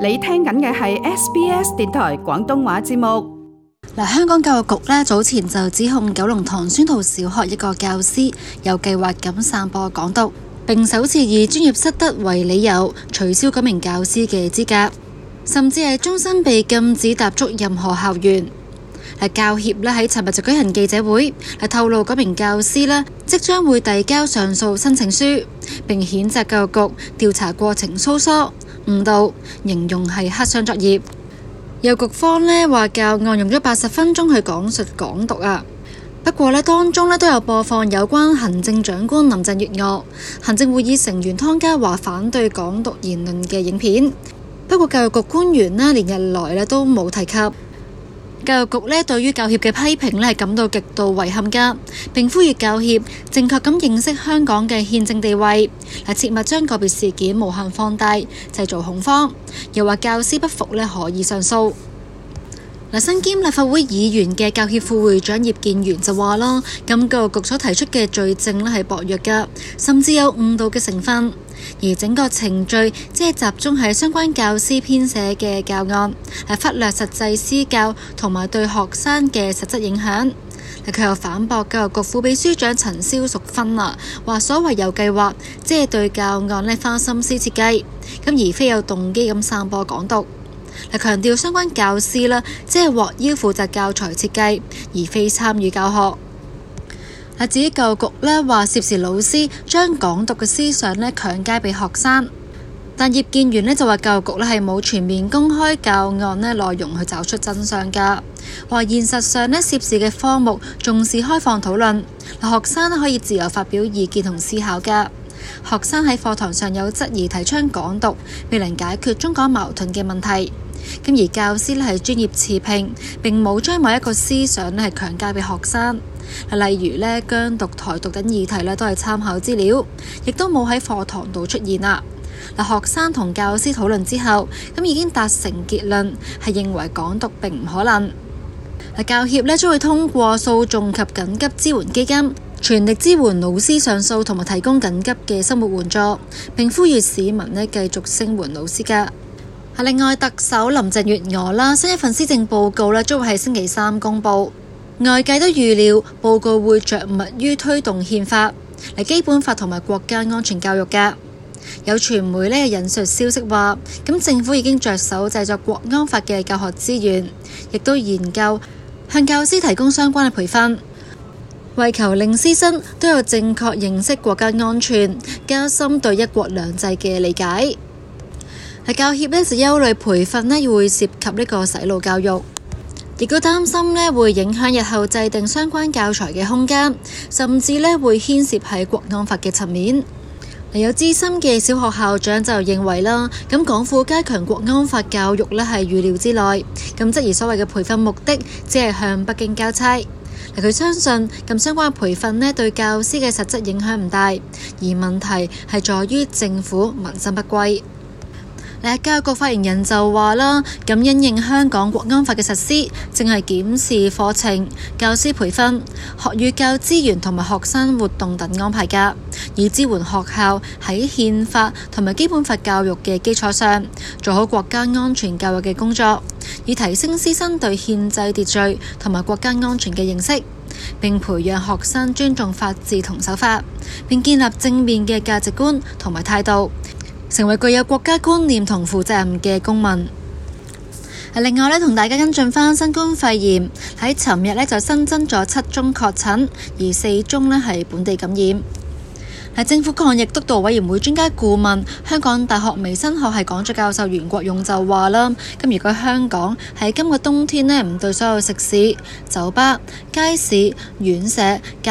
你聽緊嘅係 SBS 電台廣東話節目。嗱，香港教育局咧早前就指控九龍塘宣道小學一個教師有計劃咁散播港獨，並首次以專業失德為理由取消嗰名教師嘅資格，甚至係終身被禁止踏足任何校園。係教協咧喺尋日就舉行記者會，係透露嗰名教師咧即將會遞交上訴申請書，並譴責教育局調查過程粗疏。誤導，形容係黑箱作業。有局方咧話教案用咗八十分鐘去講述港獨啊，不過咧當中咧都有播放有關行政長官林鄭月娥、行政會議成員湯家驊反對港獨言論嘅影片。不過教育局官員咧連日來咧都冇提及。教育局咧對於教協嘅批評咧係感到極度遺憾㗎，並呼籲教協正確咁認識香港嘅憲政地位，嗱，切勿將個別事件無限放大，製造恐慌，又話教師不服呢可以上訴。嗱，身兼立法會議員嘅教協副會長葉建源就話咯，咁教育局所提出嘅罪證咧係薄弱噶，甚至有誤導嘅成分。而整個程序即係集中喺相關教師編寫嘅教案，係忽略實際施教同埋對學生嘅實質影響。佢又反駁教育局副秘書長陳蕭淑芬啦，話所謂有計劃，即係對教案咧花心思設計，咁而非有動機咁散播港獨。嗱，強調相關教師咧，只係獲邀負責教材設計，而非參與教學。嗱，至於教育局咧話涉事老師將港獨嘅思想咧強加畀學生，但葉建源咧就話教育局咧係冇全面公開教案咧內容去找出真相㗎，話現實上咧涉事嘅科目重視開放討論，嗱學生可以自由發表意見同思考㗎。學生喺課堂上有質疑，提出港獨未能解決中港矛盾嘅問題。咁而教師咧係專業持平，並冇將某一個思想咧係強加俾學生。例如呢，疆獨、台獨等議題咧都係參考資料，亦都冇喺課堂度出現啊。嗱，學生同教師討論之後，咁已經達成結論，係認為港獨並唔可能。教協咧將會通過訴訟及緊急支援基金。全力支援老師上訴同埋提供緊急嘅生活援助，並呼籲市民呢繼續聲援老師㗎。另外，特首林鄭月娥啦，新一份施政報告啦，將會喺星期三公佈。外界都預料報告會着墨於推動憲法、嗱基本法同埋國家安全教育嘅。有傳媒呢引述消息話，咁政府已經着手製作國安法嘅教學資源，亦都研究向教師提供相關嘅培訓。為求令師生都有正確認識國家安全，加深對一國兩制嘅理解，教協呢就憂慮培訓呢會涉及呢個洗腦教育，亦都擔心呢會影響日後制定相關教材嘅空間，甚至呢會牽涉喺國安法嘅層面。有資深嘅小學校長就認為啦，咁港府加強國安法教育呢係預料之內，咁質疑所謂嘅培訓目的，只係向北京交差。佢相信咁相關嘅培訓呢，對教師嘅實質影響唔大，而問題係在於政府民心不歸。教育局發言人就話啦，咁因應香港國安法嘅實施，正係檢視課程、教師培訓、學與教資源同埋學生活動等安排㗎，以支援學校喺憲法同埋基本法教育嘅基礎上，做好國家安全教育嘅工作。以提升師生對憲制秩序同埋國家安全嘅認識，並培養學生尊重法治同守法，並建立正面嘅價值觀同埋態度，成為具有國家觀念同負責任嘅公民。另外咧，同大家跟進返新冠肺炎喺尋日咧就新增咗七宗確診，而四宗咧係本地感染。係，政府抗疫督導委員會專家顧問，香港大學微生物學系講座教授袁國勇就話啦，咁如果香港喺今個冬天咧唔對所有食肆、酒吧、街市、院舍、教